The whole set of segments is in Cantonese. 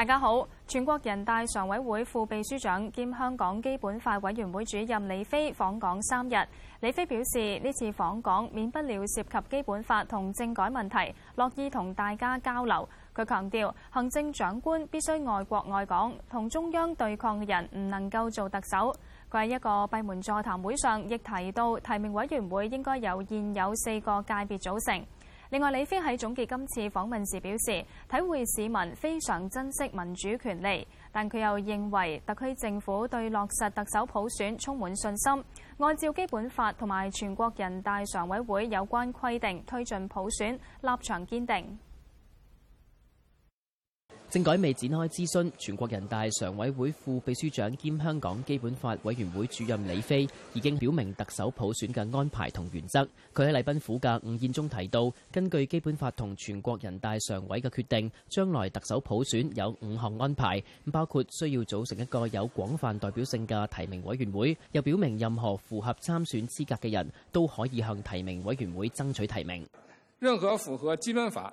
大家好，全國人大常委會副秘書長兼香港基本法委員會主任李飛訪港三日。李飛表示呢次訪港免不了涉及基本法同政改問題，樂意同大家交流。佢強調，行政長官必須愛國愛港,同中央對抗嘅人唔能夠做特首。佢喺一個閉門座談會上亦提到，提名委員會應該有現有四個界別組成。另外，李飛喺總結今次訪問時表示，體會市民非常珍惜民主權利，但佢又認為特區政府對落實特首普選充滿信心，按照基本法同埋全國人大常委會有關規定推進普選，立場堅定。政改未展開諮詢，全國人大常委會副秘書長兼香港基本法委員會主任李飛已經表明特首普選嘅安排同原則，佢喺禮賓府嘅午宴中提到，根據基本法同全國人大常委嘅決定，將來特首普選有五項安排，包括需要組成一個有廣泛代表性嘅提名委員會，又表明任何符合參選資格嘅人都可以向提名委員會爭取提名。任何符合基本法。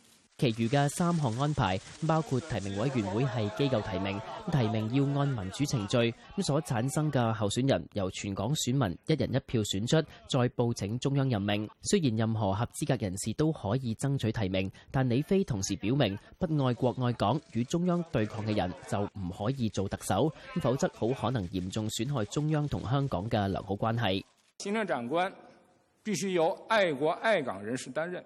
其餘嘅三項安排包括提名委員會係機構提名，提名要按民主程序，咁所產生嘅候選人由全港選民一人一票選出，再報請中央任命。雖然任何合資格人士都可以爭取提名，但李飛同時表明，不愛國愛港、與中央對抗嘅人就唔可以做特首，否則好可能嚴重損害中央同香港嘅良好關係。行政長官必須由愛國愛港人士擔任。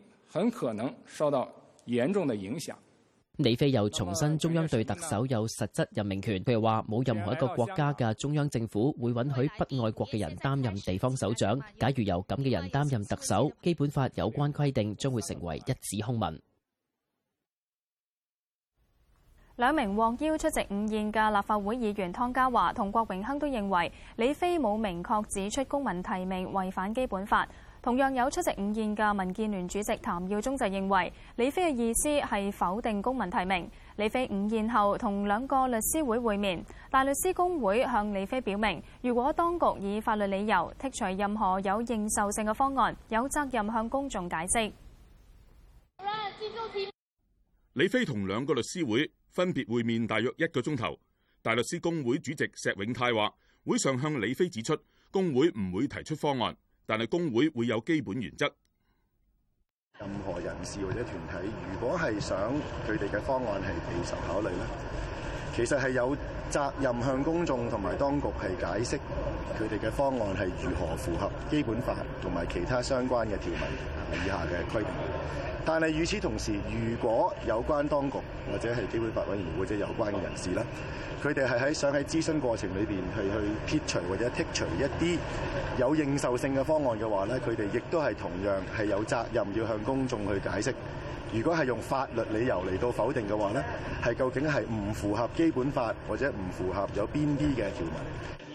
很可能受到嚴重的影響。李飛又重申中央對特首有實質任命權。譬如話：冇任何一個國家嘅中央政府會允許不愛國嘅人擔任地方首長。假如有咁嘅人擔任特首，基本法有關規定將會成為一紙空文。兩名獲邀出席午宴嘅立法會議員湯家驊同郭榮鏗都認為，李飛冇明確指出公民提名違反基本法。同樣有出席午宴嘅民建聯主席譚耀宗就認為，李飛嘅意思係否定公民提名。李飛午宴後同兩個律師會會面，大律師公會向李飛表明，如果當局以法律理由剔除任何有認受性嘅方案，有責任向公眾解釋。李飛同兩個律師會分別會面大約一個鐘頭。大律師公會主席石永泰話，會上向李飛指出，公會唔會提出方案。但係公會會有基本原則，任何人士或者團體，如果係想佢哋嘅方案係備受考慮咧，其實係有責任向公眾同埋當局係解釋佢哋嘅方案係如何符合基本法同埋其他相關嘅條文以下嘅規定。但係，與此同時，如果有關當局或者係基本法委員會或者有關嘅人士咧，佢哋係喺想喺諮詢過程裏邊係去撇除或者剔除一啲有認受性嘅方案嘅話咧，佢哋亦都係同樣係有責任要向公眾去解釋。如果係用法律理由嚟到否定嘅話咧，係究竟係唔符合基本法或者唔符合有邊啲嘅條文？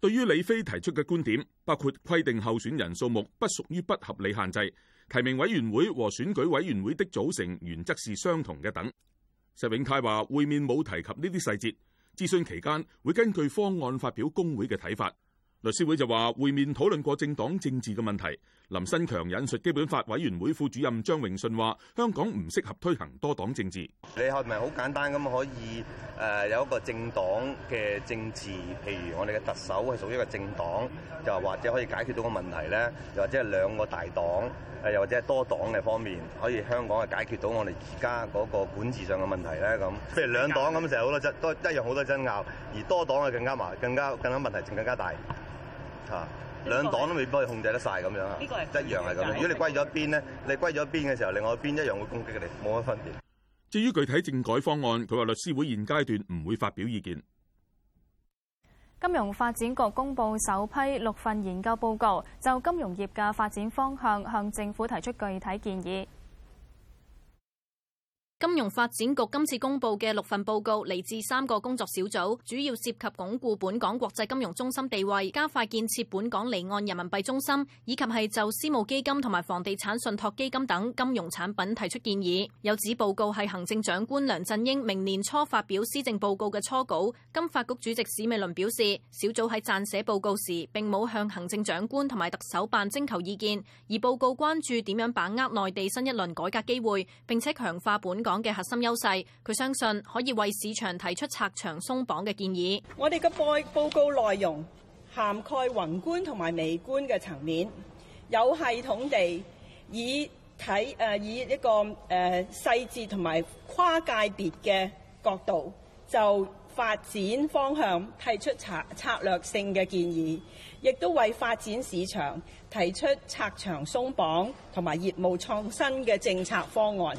對於李飛提出嘅觀點，包括規定候選人數目不屬於不合理限制。提名委員會和選舉委員會的組成原則是相同的等。石永泰話，會面冇提及這些細節，諮詢期間會根據方案發表公會嘅睇法律師會就話會面討論過政黨政治嘅問題。林新強引述基本法委員會副主任張榮順話：香港唔適合推行多黨政治。你係咪好簡單咁可以？誒有一個政黨嘅政治，譬如我哋嘅特首係屬於一個政黨，就或者可以解決到個問題咧。又或者係兩個大黨，誒又或者係多黨嘅方面，可以香港係解決到我哋而家嗰個管治上嘅問題咧。咁譬如兩黨咁成日好多爭，都一樣好多爭拗。而多黨係更加麻，更加更加問題仲更加大。啊！兩黨都未幫你控制得晒咁樣啊，呢個係一樣係咁樣。如果你歸咗一邊咧，你歸咗一邊嘅時候，另外一邊一樣會攻擊你，冇乜分別。至於具體政改方案，佢話律師會現階段唔會發表意見。金融發展局公布首批六份研究報告，就金融業嘅發展方向向政府提出具體建議。金融發展局今次公布嘅六份報告嚟自三個工作小組，主要涉及鞏固本港國際金融中心地位、加快建設本港離岸人民幣中心，以及係就私募基金同埋房地產信託基金等金融產品提出建議。有指報告係行政長官梁振英明年初發表施政報告嘅初稿。金發局主席史美倫表示，小組喺撰寫報告時，並冇向行政長官同埋特首辦徵求意見，而報告關注點樣把握內地新一輪改革機會，並且強化本港嘅核心優勢，佢相信可以為市場提出拆牆鬆綁嘅建議。我哋嘅報告內容涵蓋宏觀同埋微觀嘅層面，有系統地以睇誒以一個誒、呃、細節同埋跨界別嘅角度，就發展方向提出策策略性嘅建議，亦都為發展市場提出拆牆鬆綁同埋業務創新嘅政策方案，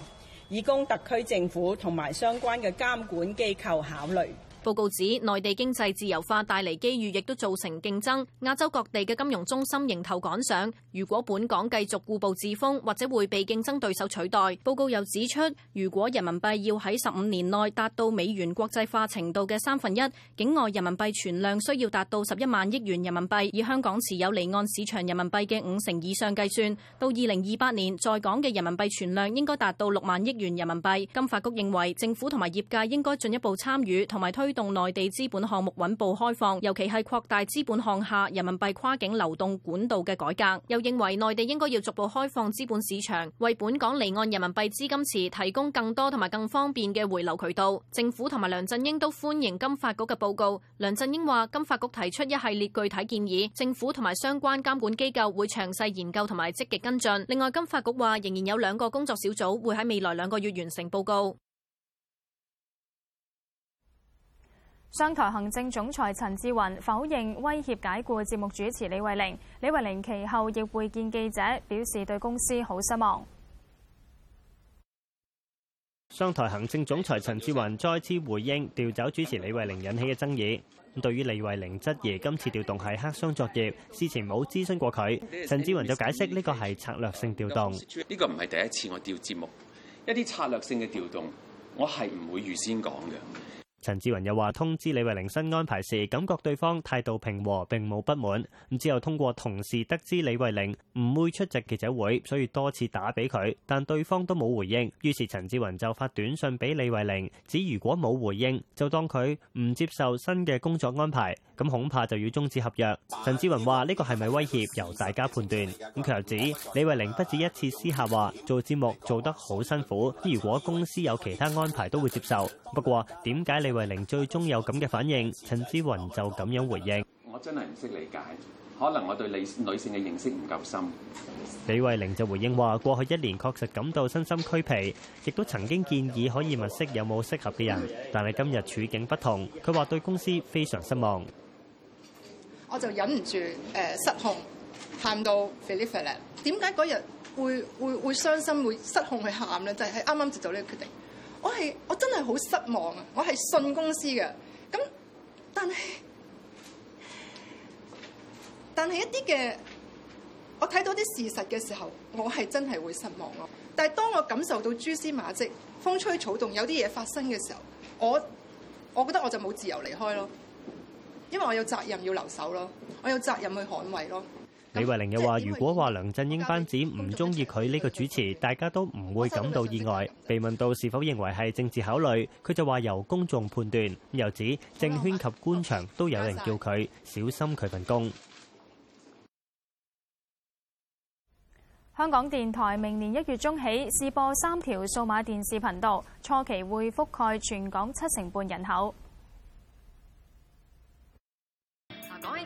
以供特區政府同埋相關嘅監管機構考慮。報告指，內地經濟自由化帶嚟機遇，亦都造成競爭。亞洲各地嘅金融中心迎頭趕上。如果本港繼續固步自封，或者會被競爭對手取代。報告又指出，如果人民幣要喺十五年內達到美元國際化程度嘅三分一，境外人民幣存量需要達到十一萬億元人民幣，以香港持有離岸市場人民幣嘅五成以上計算，到二零二八年，在港嘅人民幣存量應該達到六萬億元人民幣。金發局認為，政府同埋業界應該進一步參與同埋推。動內地資本項目穩步開放，尤其係擴大資本項下人民幣跨境流動管道嘅改革。又認為內地應該要逐步開放資本市場，為本港離岸人民幣資金池提供更多同埋更方便嘅回流渠道。政府同埋梁振英都歡迎金發局嘅報告。梁振英話金發局提出一系列具體建議，政府同埋相關監管機構會詳細研究同埋積極跟進。另外，金發局話仍然有兩個工作小組會喺未來兩個月完成報告。商台行政總裁陳志雲否認威脅解僱節目主持李慧玲，李慧玲其後亦會見記者，表示對公司好失望。商台行政總裁陳志雲再次回應調走主持李慧玲引起嘅爭議。咁對於李慧玲質疑今次調動係黑箱作業，事前冇諮詢過佢，陳志雲就解釋呢個係策略性調動，呢個唔係第一次我調節目，一啲策略性嘅調動我係唔會預先講嘅。陳志雲又話通知李慧玲新安排時，感覺對方態度平和並不，並冇不滿。之後通過同事得知李慧玲唔會出席記者會，所以多次打俾佢，但對方都冇回應。於是陳志雲就發短信俾李慧玲，指如果冇回應，就當佢唔接受新嘅工作安排，咁恐怕就要終止合約。陳志雲話呢個係咪威脅，由大家判斷。咁佢又指李慧玲不止一次私下話做節目做得好辛苦，如果公司有其他安排都會接受。不過點解李慧玲最終有咁嘅反應，陳志雲就咁樣回應：我真係唔識理解，可能我對女女性嘅認識唔夠深。李慧玲就回應話：過去一年確實感到身心俱疲，亦都曾經建議可以物色有冇適合嘅人，但係今日處境不同，佢話對公司非常失望。我就忍唔住誒失控，喊到 philip philip，點解嗰日會會會傷心會失控去喊咧？就係啱啱接到呢個決定。我係我真係好失望啊！我係信公司嘅，咁但係但係一啲嘅，我睇到啲事實嘅時候，我係真係會失望咯。但係當我感受到蛛絲馬跡、風吹草動有啲嘢發生嘅時候，我我覺得我就冇自由離開咯，因為我有責任要留守咯，我有責任去捍衛咯。李慧玲又話：如果話梁振英班子唔中意佢呢個主持，大家都唔會感到意外。被問到是否認為係政治考慮，佢就話由公眾判斷。又指政圈及官場都有人叫佢小心佢份工。香港電台明年一月中起試播三條數碼電視頻道，初期會覆蓋全港七成半人口。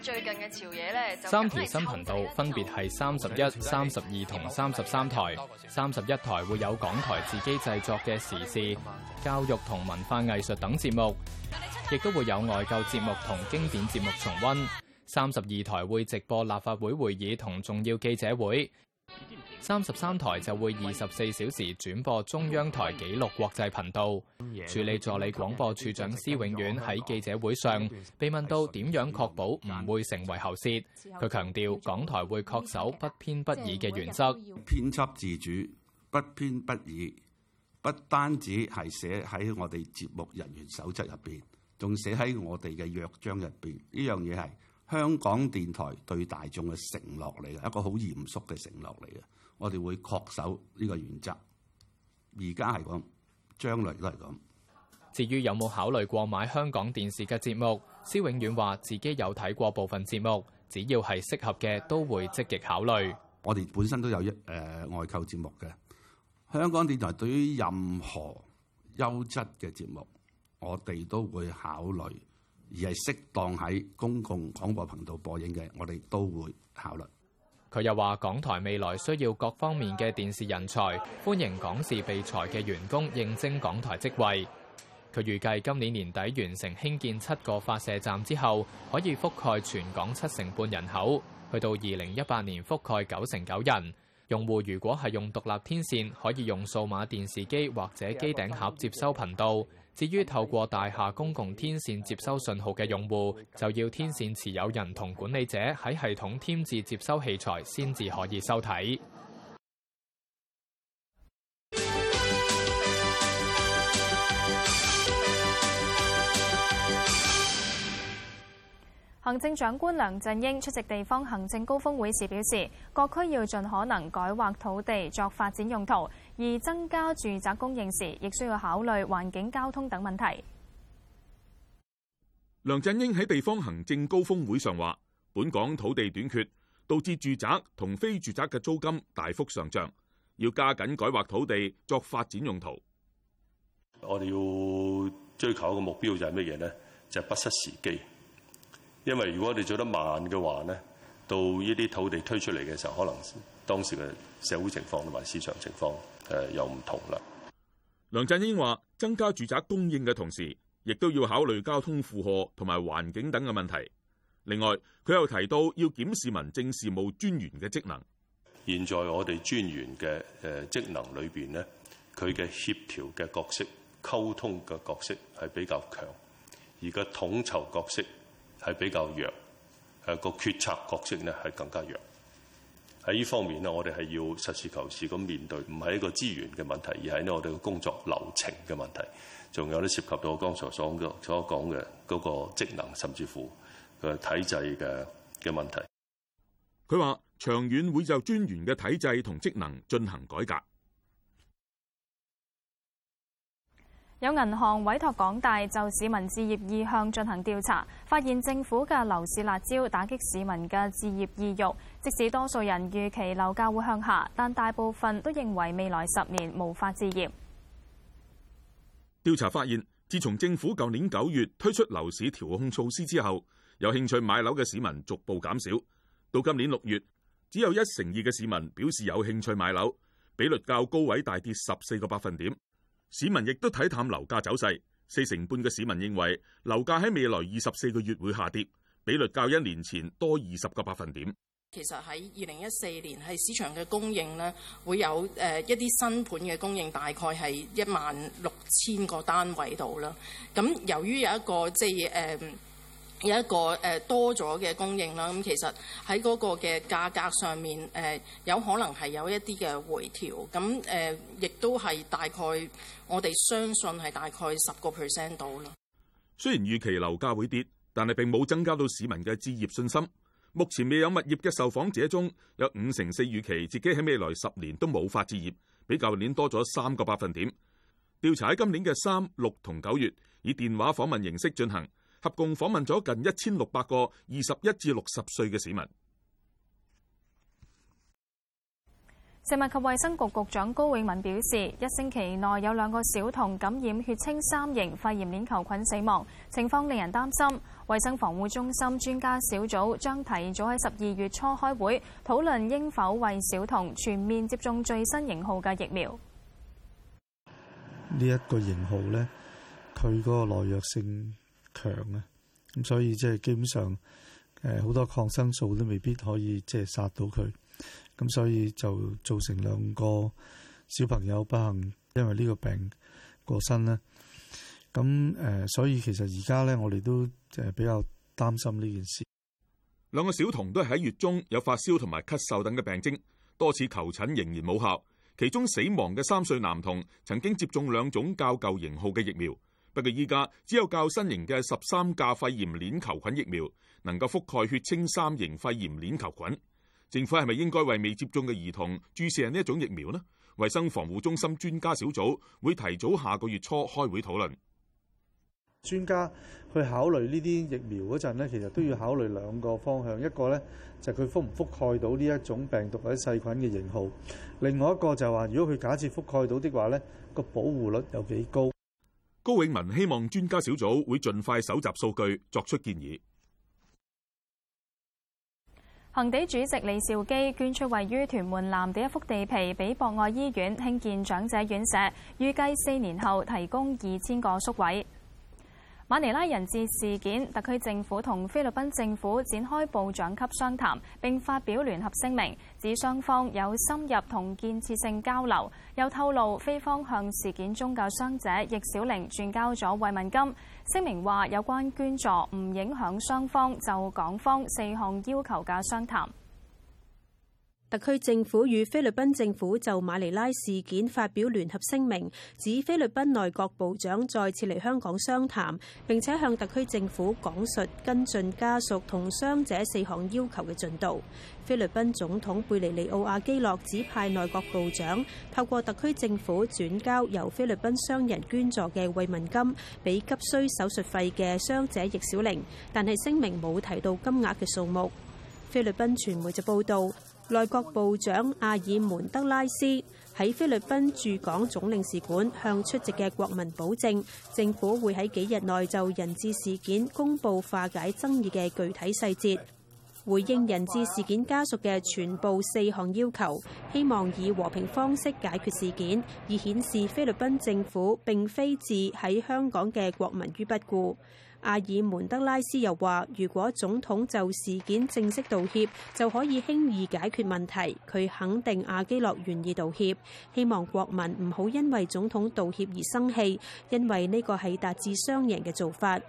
最近嘅潮野咧，三條新頻道，分別係三十一、三十二同三十三台。三十一台會有港台自己製作嘅時事、教育同文化藝術等節目，亦都會有外購節目同經典節目重溫。三十二台會直播立法會會議同重要記者會。三十三台就會二十四小時轉播中央台紀錄國際頻道。助理助理廣播處長施永遠喺記者會上被問到點樣確保唔會成為喉舌，佢強調港台會確守不偏不倚嘅原則，編輯自主，不偏不倚，不單止係寫喺我哋節目人員守則入邊，仲寫喺我哋嘅約章入邊，呢樣嘢係香港電台對大眾嘅承諾嚟嘅，一個好嚴肅嘅承諾嚟嘅。我哋會恪守呢個原則，而家係咁，將來都係咁。至於有冇考慮過買香港電視嘅節目？施永遠話自己有睇過部分節目，只要係適合嘅，都會積極考慮，我哋本身都有一誒外購節目嘅。香港電台對於任何優質嘅節目，我哋都會考慮。而係適當喺公共廣播頻道播映嘅，我哋都會考慮。佢又話：港台未來需要各方面嘅電視人才，歡迎港視被裁嘅員工應徵港台職位。佢預計今年年底完成興建七個發射站之後，可以覆蓋全港七成半人口，去到二零一八年覆蓋九成九人。用戶如果係用獨立天線，可以用數碼電視機或者機頂盒接收頻道。至於透過大廈公共天線接收訊號嘅用戶，就要天線持有人同管理者喺系統添置接收器材，先至可以收睇。行政長官梁振英出席地方行政高峰會時表示，各區要盡可能改劃土地作發展用途，而增加住宅供應時，亦需要考慮環境、交通等問題。梁振英喺地方行政高峰會上話，本港土地短缺，導致住宅同非住宅嘅租金大幅上漲，要加緊改劃土地作發展用途。我哋要追求嘅目標就係乜嘢呢？就係不失時機。因為如果你做得慢嘅話咧，到呢啲土地推出嚟嘅時候，可能當時嘅社會情況同埋市場情況誒又唔同啦。梁振英話：增加住宅供應嘅同時，亦都要考慮交通負荷同埋環境等嘅問題。另外，佢又提到要檢視民政事務專員嘅職能。現在我哋專員嘅誒職能裏邊呢佢嘅協調嘅角色、溝通嘅角色係比較強，而個統籌角色係比較弱，誒、個決策角色呢係更加弱。喺呢方面呢，我哋係要實事求是咁面對，唔係一個資源嘅問題，而係呢我哋嘅工作流程嘅問題，仲有咧涉及到我剛才所講嘅嗰個職能，甚至乎嘅體制嘅嘅問題。佢話：長遠會就專員嘅體制同職能進行改革。有銀行委託港大就市民置業意向進行調查，發現政府嘅樓市辣招打擊市民嘅置業意欲。即使多數人預期樓價會向下，但大部分都認為未來十年無法置業。調查發現，自從政府舊年九月推出樓市調控措施之後，有興趣買樓嘅市民逐步減少。到今年六月，只有一成二嘅市民表示有興趣買樓，比率較高位大跌十四個百分點。市民亦都睇淡樓價走勢，四成半嘅市民認為樓價喺未來二十四個月會下跌，比率較一年前多二十個百分點。其實喺二零一四年，係市場嘅供應呢，會有誒、呃、一啲新盤嘅供應，大概係一萬六千個單位度啦。咁由於有一個即係誒。即係呃有一個誒多咗嘅供應啦，咁其實喺嗰個嘅價格上面誒有可能係有一啲嘅回調，咁誒亦都係大概我哋相信係大概十個 percent 度啦。雖然預期樓價會跌，但係並冇增加到市民嘅置業信心。目前未有物業嘅受訪者中有五成四預期自己喺未來十年都冇法置業，比舊年多咗三個百分點。調查喺今年嘅三、六同九月以電話訪問形式進行。合共訪問咗近一千六百個二十一至六十歲嘅市民。食物及衛生局局長高永文表示，一星期內有兩個小童感染血清三型肺炎鏈球菌死亡，情況令人擔心。衛生防護中心專家小組將提早喺十二月初開會，討論應否為小童全面接種最新型號嘅疫苗。呢、這、一個型號呢，佢嗰個耐藥性強啊！咁所以即係基本上，誒好多抗生素都未必可以即係殺到佢，咁所以就造成兩個小朋友不幸因為呢個病過身啦。咁誒，所以其實而家咧，我哋都即係比較擔心呢件事。兩個小童都係喺月中有發燒同埋咳嗽等嘅病徵，多次求診仍然冇效。其中死亡嘅三歲男童曾經接種兩種較舊型號嘅疫苗。不過依家只有較新型嘅十三價肺炎鏈球菌疫苗能夠覆蓋血清三型肺炎鏈球菌。政府係咪應該為未接種嘅兒童注射呢一種疫苗呢？衞生防護中心專家小組會提早下個月初開會討論。專家去考慮呢啲疫苗嗰陣呢，其實都要考慮兩個方向，一個呢，就係佢覆唔覆蓋到呢一種病毒或者細菌嘅型號，另外一個就係話，如果佢假設覆蓋到的話呢，個保護率有幾高？高永文希望專家小組會盡快搜集數據，作出建議。恒地主席李兆基捐出位於屯門藍地一幅地皮，俾博愛醫院興建長者院舍，預計四年後提供二千個宿位。馬尼拉人質事件，特區政府同菲律賓政府展開部長級商談，並發表聯合聲明，指雙方有深入同建設性交流，又透露菲方向事件中嘅傷者易小玲轉交咗慰問金。聲明話有關捐助唔影響雙方就港方四項要求嘅商談。特區政府與菲律賓政府就馬尼拉事件發表聯合聲明，指菲律賓內閣部長再次嚟香港商談，並且向特區政府講述跟進家屬同傷者四項要求嘅進度。菲律賓總統貝尼尼奧亞基諾指派內閣部長透過特區政府轉交由菲律賓商人捐助嘅慰問金，俾急需手術費嘅傷者易小玲，但係聲明冇提到金額嘅數目。菲律賓傳媒就報道。內閣部長阿爾門德拉斯喺菲律賓駐港總領事館向出席嘅國民保證，政府會喺幾日內就人質事件公布化解爭議嘅具體細節，回應人質事件家屬嘅全部四項要求，希望以和平方式解決事件，以顯示菲律賓政府並非置喺香港嘅國民於不顧。阿爾門德拉斯又話：如果總統就事件正式道歉，就可以輕易解決問題。佢肯定阿基諾願意道歉，希望國民唔好因為總統道歉而生氣，因為呢個係達至雙贏嘅做法。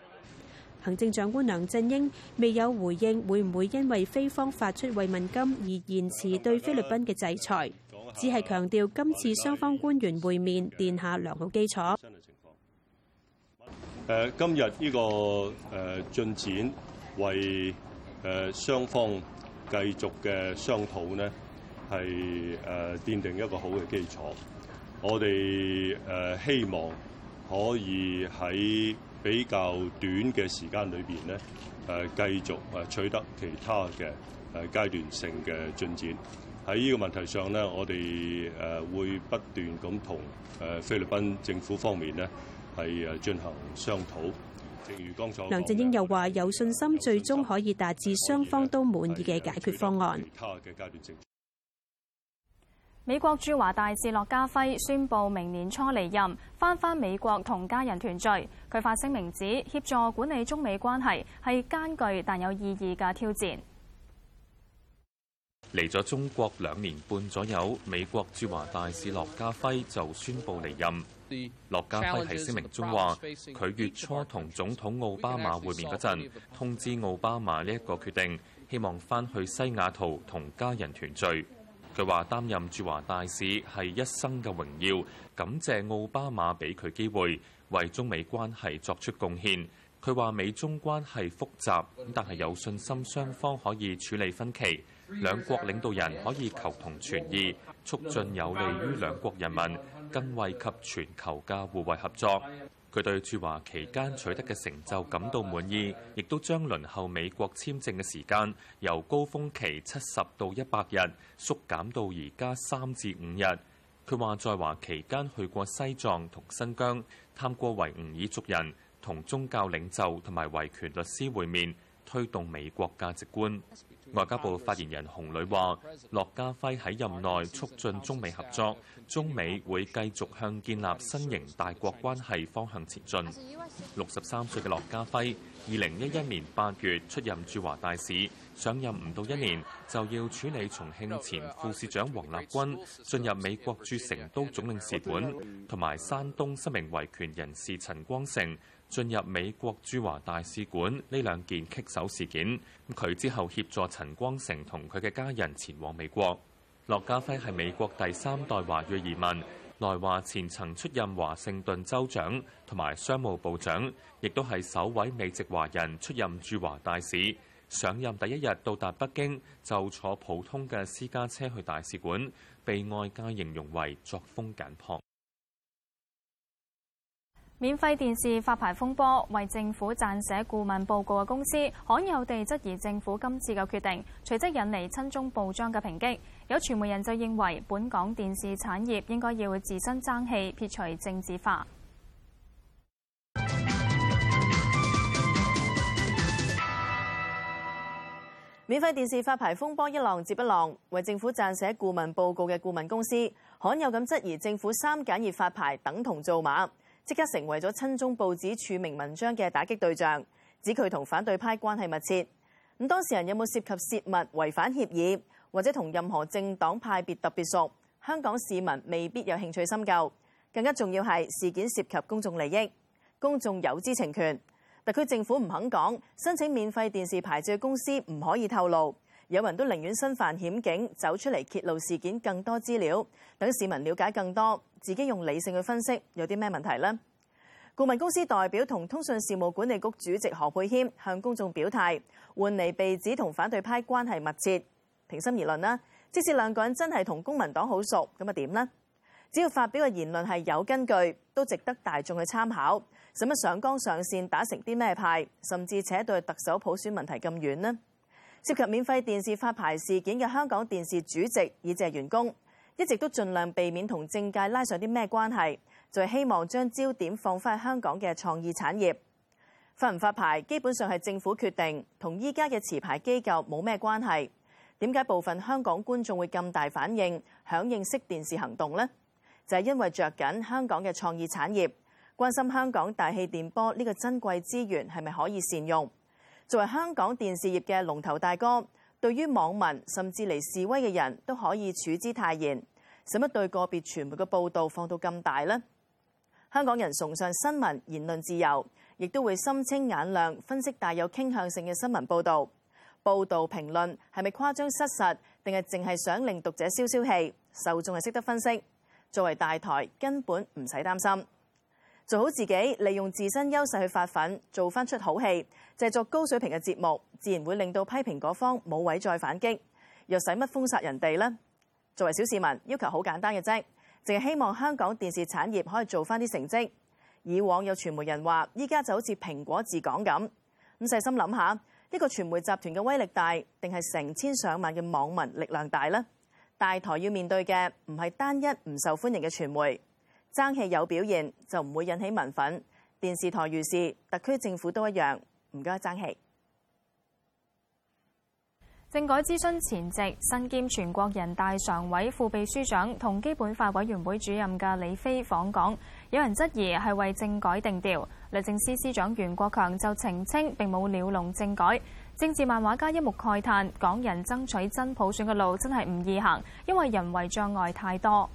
行政長官梁振英未有回應會唔會因為菲方發出慰問金而延遲對菲律賓嘅制裁，只係強調今次雙方官員會面奠下良好基礎。誒今日呢個誒進展，為誒雙方繼續嘅商討呢係誒奠定一個好嘅基礎。我哋誒希望可以喺比較短嘅時間裏邊呢誒繼續誒取得其他嘅誒階段性嘅進展。喺呢個問題上呢，我哋誒會不斷咁同誒菲律賓政府方面咧，係誒進行商討。正如剛才，梁振英又話有信心最終可以達至雙方都滿意嘅解決方案。美國駐華大使駱家輝宣布明年初離任，翻返美國同家人團聚。佢發聲明指協助管理中美關係係艱巨但有意義嘅挑戰。嚟咗中國兩年半左右，美國駐華大使駱家輝就宣布離任。駱家輝喺聲明中話：佢月初同總統奧巴馬會面嗰陣，通知奧巴馬呢一個決定，希望翻去西雅圖同家人團聚。佢話擔任駐華大使係一生嘅榮耀，感謝奧巴馬俾佢機會為中美關係作出貢獻。佢話美中關係複雜，但係有信心雙方可以處理分歧。兩國領導人可以求同存異，促進有利於兩國人民、更惠及全球嘅互惠合作。佢對駐華期間取得嘅成就感到滿意，亦都將輪候美國簽證嘅時間由高峰期七十到一百日縮減到而家三至五日。佢話在華期間去過西藏同新疆，探過維吾爾族人同宗教領袖同埋維權律師會面，推動美國價值觀。外交部發言人洪磊話，駱家輝喺任內促進中美合作，中美會繼續向建立新型大國關係方向前進。六十三歲嘅駱家輝，二零一一年八月出任駐華大使，上任唔到一年就要處理重慶前副市長王立軍進入美國駐成都總領事館，同埋山東失明維權人士陳光誠，進入美國駐華大使館呢兩件棘手事件，佢之後協助陳光誠同佢嘅家人前往美國。駱家輝係美國第三代華裔移民，來華前曾出任華盛頓州長同埋商務部長，亦都係首位美籍華人出任駐華大使。上任第一日到達北京，就坐普通嘅私家車去大使館，被外界形容為作風簡樸。免費電視發牌風波，為政府撰寫顧問報告嘅公司罕有地質疑政府今次嘅決定，隨即引嚟親中報章嘅抨擊。有傳媒人就認為，本港電視產業應該要自身爭氣，撇除政治化。免費電視發牌風波一浪接一浪，為政府撰寫顧問報告嘅顧問公司罕有咁質疑政府三揀二發牌等同造馬。即刻成為咗親中報紙署名文章嘅打擊對象，指佢同反對派關係密切。咁當事人有冇涉及泄密、違反協議或者同任何政黨派別特別熟？香港市民未必有興趣深究。更加重要係事件涉及公眾利益，公眾有知情權。特區政府唔肯講，申請免費電視牌照公司唔可以透露。有人都寧願身犯險境走出嚟揭露事件更多資料，等市民了解更多，自己用理性去分析有啲咩問題呢？顧問公司代表同通訊事務管理局主席何佩謙向公眾表態，換嚟被指同反對派關係密切。平心而論啦，即使兩個人真係同公民黨好熟，咁啊點呢？只要發表嘅言論係有根據，都值得大眾去參考。使乜上綱上線打成啲咩派，甚至扯對特首普選問題咁遠呢？涉及免費電視發牌事件嘅香港電視主席以謝員工一直都盡量避免同政界拉上啲咩關係，就係、是、希望將焦點放翻香港嘅創意產業。發唔發牌基本上係政府決定，同依家嘅持牌機構冇咩關係，點解部分香港觀眾會咁大反應響應熄電視行動咧？就係、是、因為着緊香港嘅創意產業，關心香港大氣電波呢個珍貴資源係咪可以善用。作為香港電視業嘅龍頭大哥，對於網民甚至嚟示威嘅人都可以處之泰然。使乜對個別傳媒嘅報道放到咁大呢？香港人崇尚新聞言論自由，亦都會心清眼亮分析帶有傾向性嘅新聞報導、報導評論係咪誇張失實，定係淨係想令讀者消消氣？受眾係識得分析。作為大台，根本唔使擔心。做好自己，利用自身優勢去發奮，做翻出好戲，製作高水平嘅節目，自然會令到批評嗰方冇位再反擊，又使乜封殺人哋咧？作為小市民，要求好簡單嘅啫，淨係希望香港電視產業可以做翻啲成績，以往有傳媒人話依家就好似蘋果治港咁。咁細心諗下，一個傳媒集團嘅威力大，定係成千上萬嘅網民力量大咧？大台要面對嘅唔係單一唔受歡迎嘅傳媒。爭氣有表現就唔會引起民憤，電視台如是，特區政府都一樣，唔該爭氣。政改諮詢前夕，身兼全國人大常委副秘書長同基本法委員會主任嘅李飛訪港，有人質疑係為政改定調。律政司司長袁國強就澄清並冇鳥籠政改。政治漫畫家一目慨嘆：港人爭取真普選嘅路真係唔易行，因為人為障礙太多。